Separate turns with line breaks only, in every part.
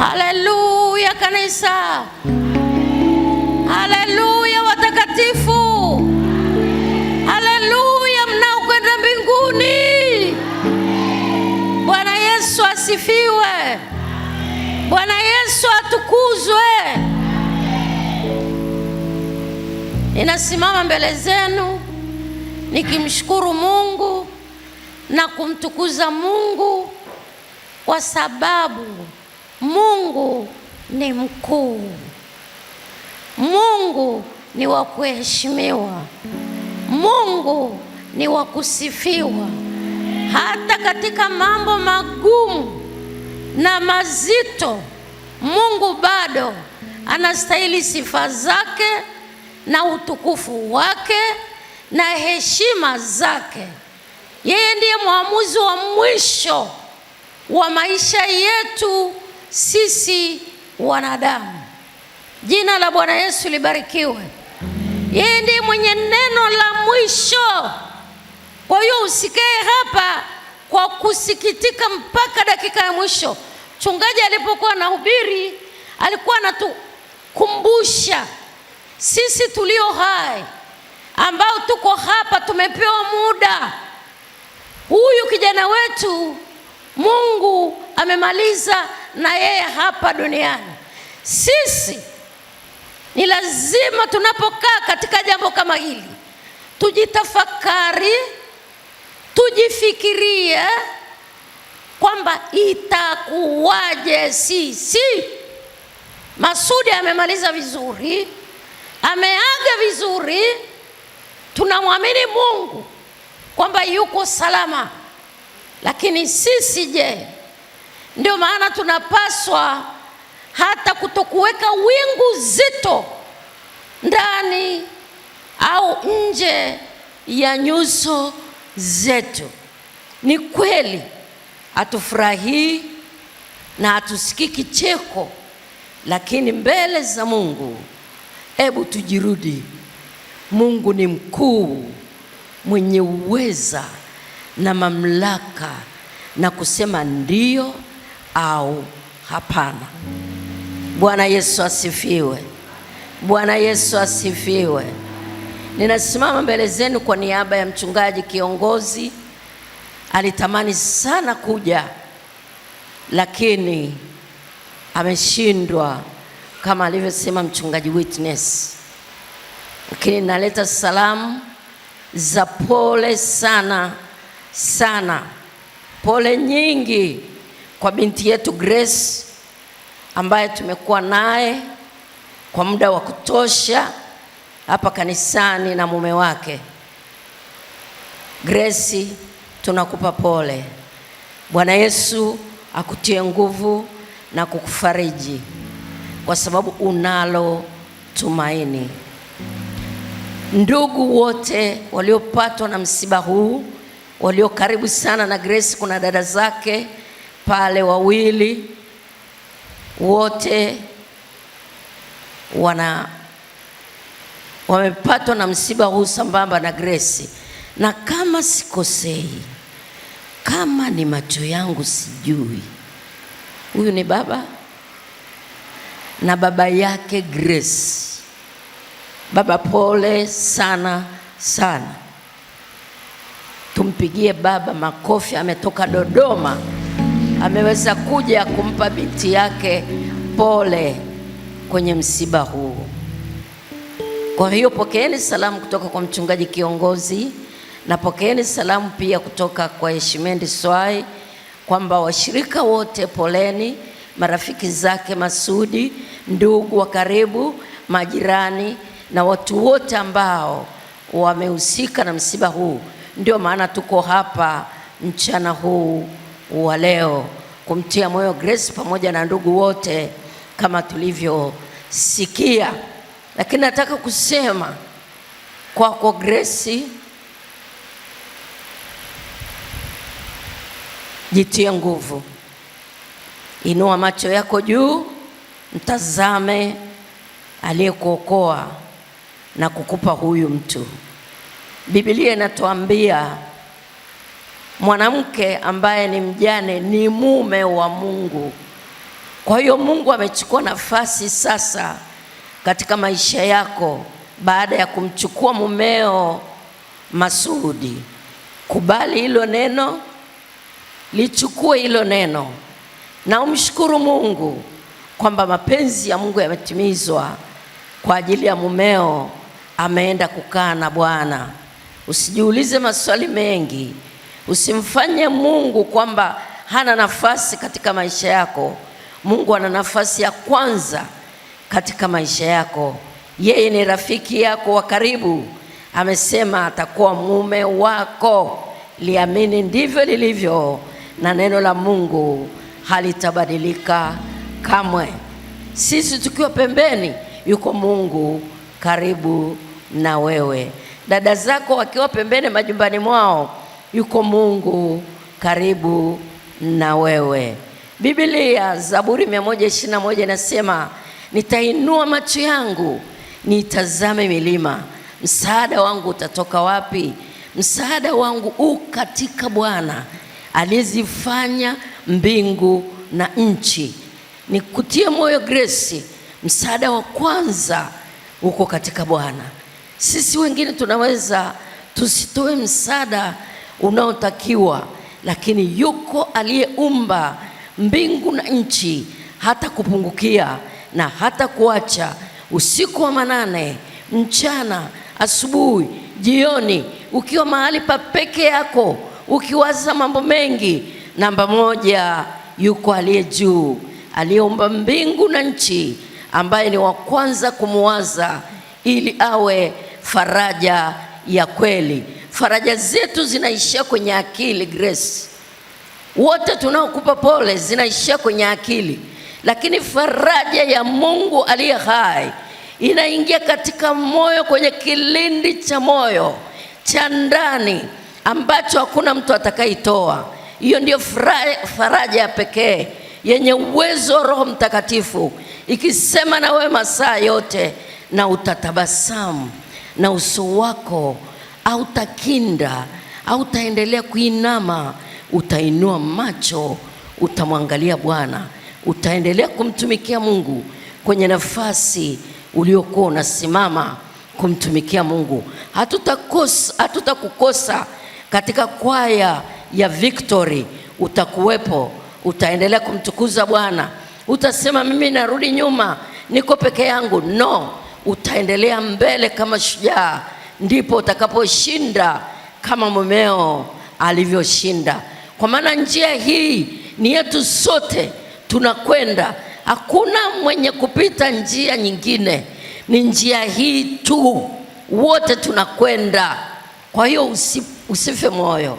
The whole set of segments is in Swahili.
Haleluya kanisa, haleluya watakatifu, haleluya mnaokwenda mbinguni. Bwana Yesu asifiwe, Bwana Yesu atukuzwe. Ninasimama mbele zenu nikimshukuru Mungu na kumtukuza Mungu kwa sababu Mungu ni mkuu. Mungu ni wa kuheshimiwa. Mungu ni wa kusifiwa. Hata katika mambo magumu na mazito, Mungu bado anastahili sifa zake na utukufu wake na heshima zake. Yeye ndiye mwamuzi wa mwisho wa maisha yetu sisi wanadamu. Jina la Bwana Yesu libarikiwe. Yeye ndiye mwenye neno la mwisho. Kwa hiyo usikae hapa kwa kusikitika mpaka dakika ya mwisho. chungaji alipokuwa anahubiri alikuwa anatukumbusha sisi tulio hai ambao tuko hapa, tumepewa muda. Huyu kijana wetu Mungu amemaliza na yeye hapa duniani. Sisi ni lazima tunapokaa katika jambo kama hili tujitafakari, tujifikirie kwamba itakuwaje sisi. Masudi amemaliza vizuri, ameaga vizuri, tunamwamini Mungu kwamba yuko salama, lakini sisi je? Ndio maana tunapaswa hata kutokuweka wingu zito ndani au nje ya nyuso zetu. Ni kweli hatufurahii na hatusikii kicheko, lakini mbele za Mungu, hebu tujirudi. Mungu ni mkuu, mwenye uweza na mamlaka na kusema ndiyo au hapana. Bwana Yesu asifiwe! Bwana Yesu asifiwe! Ninasimama mbele zenu kwa niaba ya mchungaji kiongozi. Alitamani sana kuja, lakini ameshindwa kama alivyosema mchungaji Witness, lakini naleta salamu za pole sana sana, pole nyingi kwa binti yetu Grace ambaye tumekuwa naye kwa muda wa kutosha hapa kanisani na mume wake. Grace, tunakupa pole. Bwana Yesu akutie nguvu na kukufariji kwa sababu unalo tumaini. Ndugu wote waliopatwa na msiba huu, walio karibu sana na Grace, kuna dada zake pale wawili wote wana wamepatwa na msiba huu sambamba na Grace, na kama sikosei, kama ni macho yangu sijui, huyu ni baba na baba yake Grace. Baba pole sana sana, tumpigie baba makofi, ametoka Dodoma ameweza kuja kumpa binti yake pole kwenye msiba huu. Kwa hiyo pokeeni salamu kutoka kwa mchungaji kiongozi na pokeeni salamu pia kutoka kwa Heshimendi Swai kwamba washirika wote poleni, marafiki zake Masudi, ndugu wa karibu, majirani na watu wote ambao wamehusika na msiba huu. Ndio maana tuko hapa mchana huu wa leo kumtia moyo Grace pamoja na ndugu wote kama tulivyosikia, lakini nataka kusema kwako Grace, jitie nguvu, inua macho yako juu, mtazame aliyekuokoa na kukupa huyu mtu. Biblia inatuambia mwanamke ambaye ni mjane ni mume wa Mungu. Kwa hiyo Mungu amechukua nafasi sasa katika maisha yako baada ya kumchukua mumeo Masudi. Kubali hilo neno, lichukue hilo neno na umshukuru Mungu kwamba mapenzi ya Mungu yametimizwa kwa ajili ya mumeo, ameenda kukaa na Bwana. Usijiulize maswali mengi. Usimfanye Mungu kwamba hana nafasi katika maisha yako. Mungu ana nafasi ya kwanza katika maisha yako. Yeye ni rafiki yako wa karibu, amesema atakuwa mume wako. Liamini ndivyo lilivyo, na neno la Mungu halitabadilika kamwe. Sisi tukiwa pembeni, yuko Mungu karibu na wewe. Dada zako wakiwa pembeni majumbani mwao yuko Mungu karibu na wewe. Biblia Zaburi 121 inasema nitainua macho yangu niitazame milima, msaada wangu utatoka wapi? Msaada wangu u katika Bwana aliyezifanya mbingu na nchi. Nikutie moyo Grace, msaada wa kwanza uko katika Bwana. Sisi wengine tunaweza tusitoe msaada unaotakiwa, lakini yuko aliyeumba mbingu na nchi, hata kupungukia na hata kuacha usiku wa manane, mchana, asubuhi, jioni, ukiwa mahali pa peke yako, ukiwaza mambo mengi. Namba moja, yuko aliye juu, aliyeumba mbingu na nchi, ambaye ni wa kwanza kumuwaza ili awe faraja ya kweli faraja zetu zinaishia kwenye akili Grace. Wote tunaokupa pole zinaishia kwenye akili, lakini faraja ya Mungu aliye hai inaingia katika moyo, kwenye kilindi cha moyo cha ndani ambacho hakuna mtu atakayeitoa Hiyo ndiyo faraja ya pekee yenye uwezo wa Roho Mtakatifu ikisema na wewe masaa yote, na utatabasamu na uso wako hautakinda, taendelea kuinama, utainua macho, utamwangalia Bwana, utaendelea kumtumikia Mungu kwenye nafasi uliokuwa unasimama kumtumikia Mungu. Hatutakukosa, hatutakukosa katika kwaya ya Victory, utakuwepo, utaendelea kumtukuza Bwana. Utasema mimi narudi nyuma, niko peke yangu? No, utaendelea mbele kama shujaa ndipo utakaposhinda kama mumeo alivyoshinda. Kwa maana njia hii ni yetu sote, tunakwenda, hakuna mwenye kupita njia nyingine, ni njia hii tu, wote tunakwenda. Kwa hiyo usife moyo,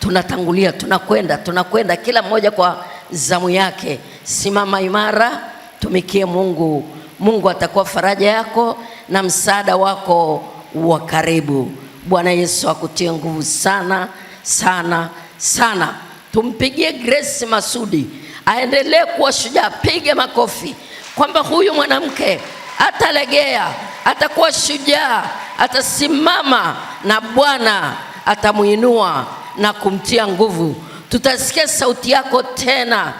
tunatangulia, tunakwenda, tunakwenda, kila mmoja kwa zamu yake. Simama imara, tumikie Mungu. Mungu atakuwa faraja yako na msaada wako wa karibu. Bwana Yesu akutie nguvu sana sana sana. Tumpigie Grace Masudi aendelee kuwa shujaa, pige makofi kwamba huyu mwanamke atalegea, atakuwa shujaa, atasimama na Bwana atamuinua na kumtia nguvu. Tutasikia sauti yako tena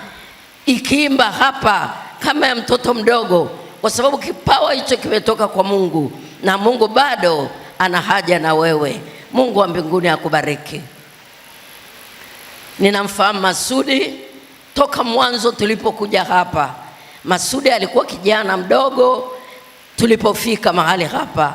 ikiimba hapa kama ya mtoto mdogo, kwa sababu kipawa hicho kimetoka kwa Mungu na Mungu bado ana haja na wewe. Mungu wa mbinguni akubariki. Ninamfahamu Masudi toka mwanzo tulipokuja hapa. Masudi alikuwa kijana mdogo tulipofika mahali hapa,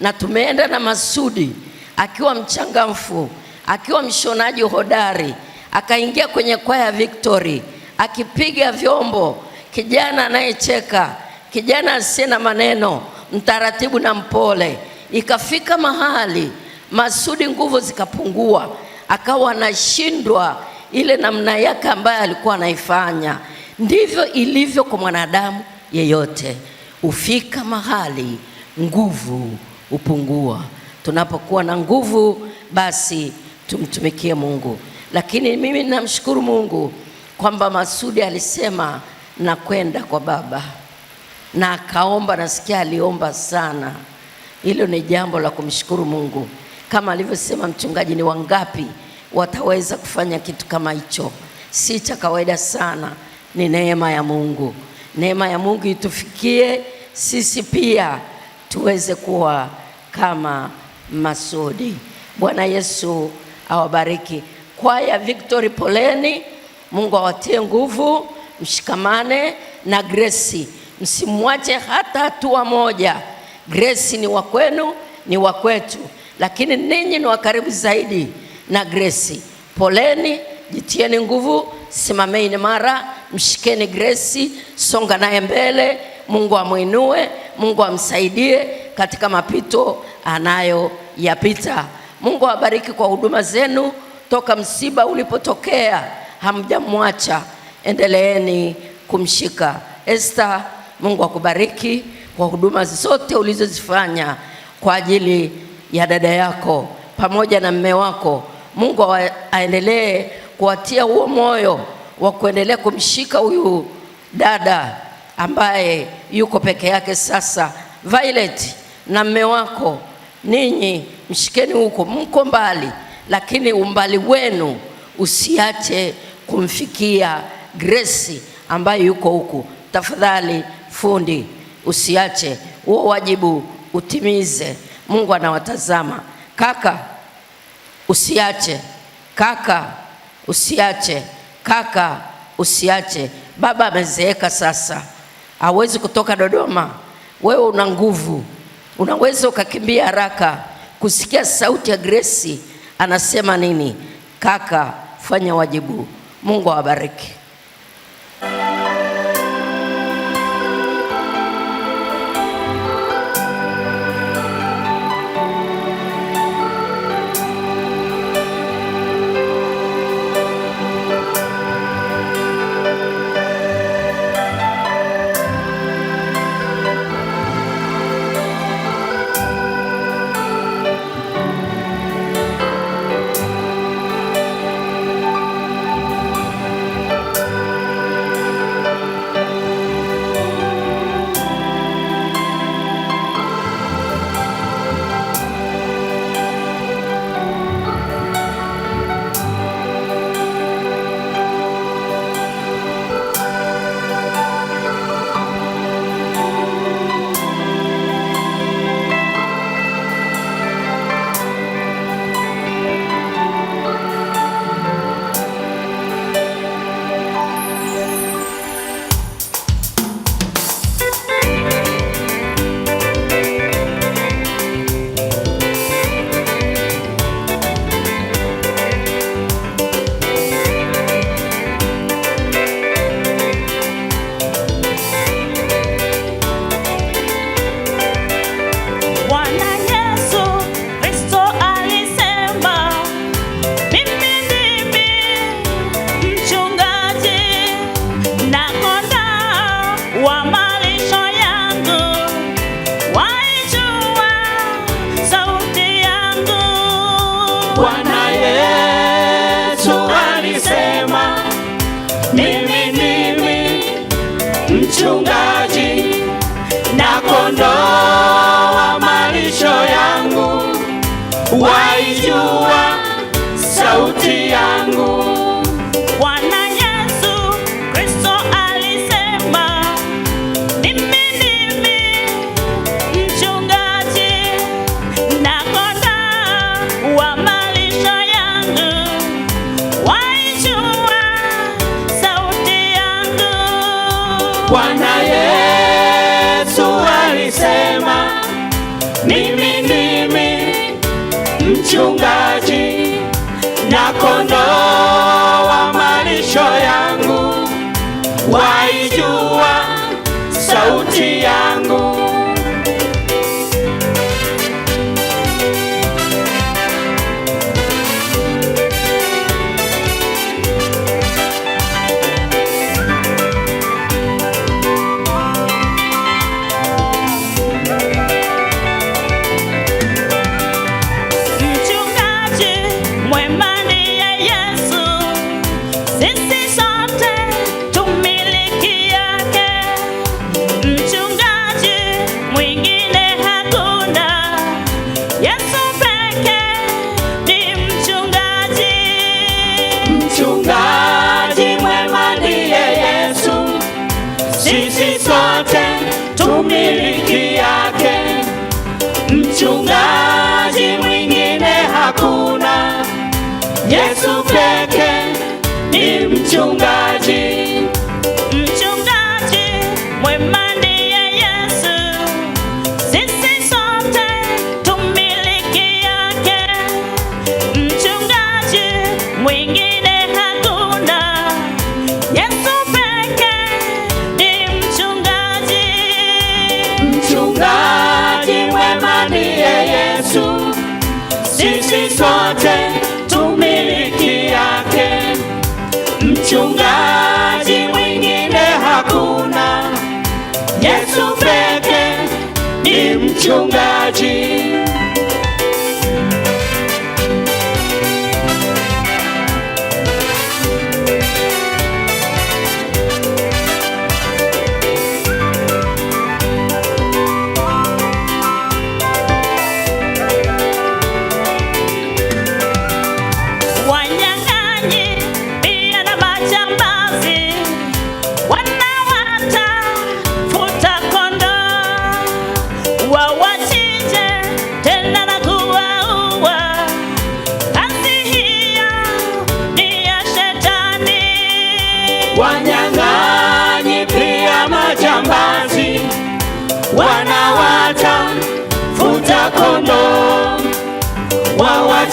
na tumeenda na Masudi akiwa mchangamfu, akiwa mshonaji hodari, akaingia kwenye kwaya Victory akipiga vyombo, kijana anayecheka, kijana asiye na maneno mtaratibu na mpole. Ikafika mahali Masudi nguvu zikapungua, akawa anashindwa ile namna yake ambayo alikuwa anaifanya. Ndivyo ilivyo kwa mwanadamu yeyote, hufika mahali nguvu hupungua. Tunapokuwa na nguvu, basi tumtumikie Mungu. Lakini mimi namshukuru Mungu kwamba Masudi alisema nakwenda kwa Baba na akaomba, nasikia aliomba sana. Hilo ni jambo la kumshukuru Mungu, kama alivyosema mchungaji, ni wangapi wataweza kufanya kitu kama hicho? Si cha kawaida sana, ni neema ya Mungu. Neema ya Mungu itufikie sisi pia tuweze kuwa kama Masudi. Bwana Yesu awabariki. Kwaya Victory, poleni. Mungu awatie nguvu, mshikamane na Grace msimwache hata hatua moja. Grace ni wa kwenu, ni wa kwetu, lakini ninyi ni wakaribu zaidi na Grace. Poleni, jitieni nguvu, simameni mara, mshikeni Grace, songa naye mbele. Mungu amwinue, Mungu amsaidie katika mapito anayoyapita. Mungu awabariki kwa huduma zenu. Toka msiba ulipotokea, hamjamwacha, endeleeni kumshika Esther Mungu akubariki kwa huduma zote ulizozifanya kwa ajili ya dada yako pamoja na mme wako. Mungu aendelee kuwatia huo moyo wa kuendelea kumshika huyu dada ambaye yuko peke yake sasa. Violet na mme wako, ninyi mshikeni huko, mko mbali, lakini umbali wenu usiache kumfikia Grace ambaye yuko huku. Tafadhali fundi, usiache huo wajibu utimize. Mungu anawatazama. Kaka usiache, kaka usiache, kaka usiache. Baba amezeeka sasa, hawezi kutoka Dodoma. Wewe una nguvu, unaweza ukakimbia haraka kusikia sauti ya Grace anasema nini. Kaka, fanya wajibu. Mungu awabariki.
Why? Yesu peke ni mchunga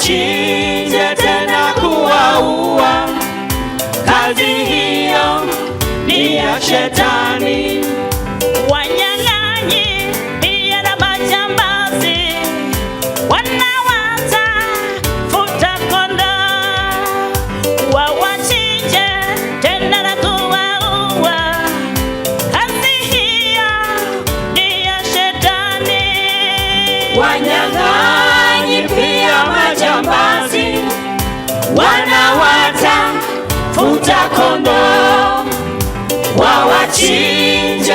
wachinje tena kuwaua. Kazi hiyo ni ya Shetani.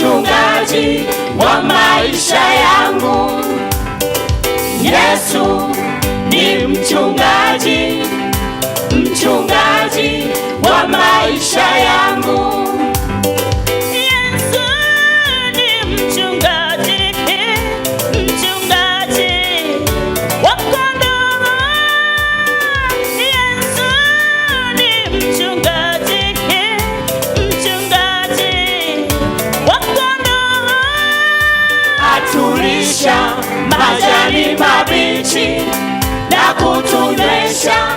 mchungaji wa maisha yangu. Yesu ni mchungaji, mchungaji wa maisha yangu. majani mabichi na kutunywesha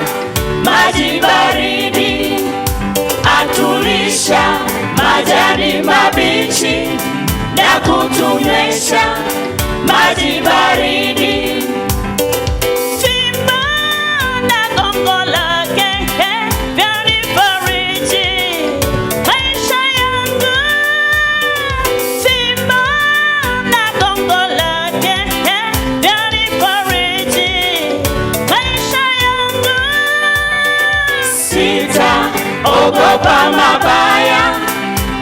maji baridi, atulisha majani mabichi na kutunywesha maji baridi mabaya,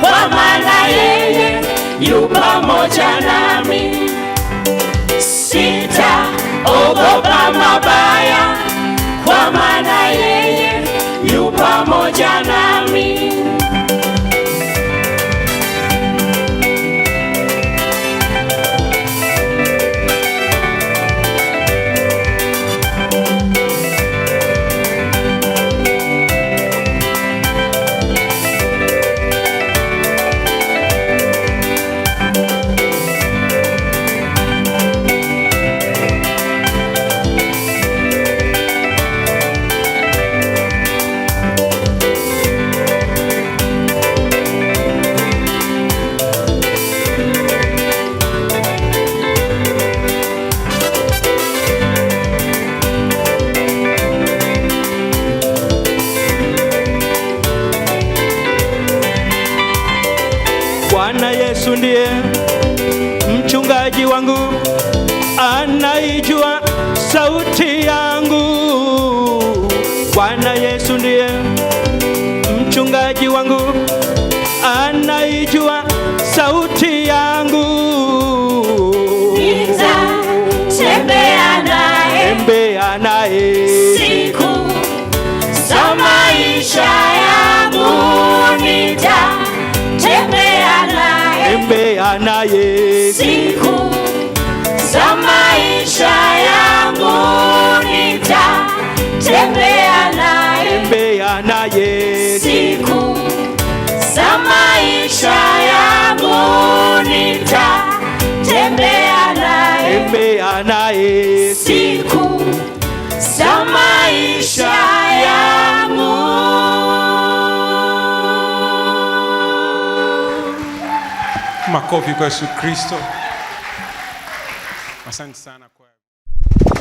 kwa maana yeye yu pamoja nami. Sitaogopa mabaya, kwa maana yeye yu pamoja nami.
Yesu ndiye mchungaji wangu ana naye.
Siku za maisha yangu nitatembea naye,
naye.
Siku za maisha yangu nitatembea naye,
naye.
Makofi kwa Yesu Kristo. Asante sana kwa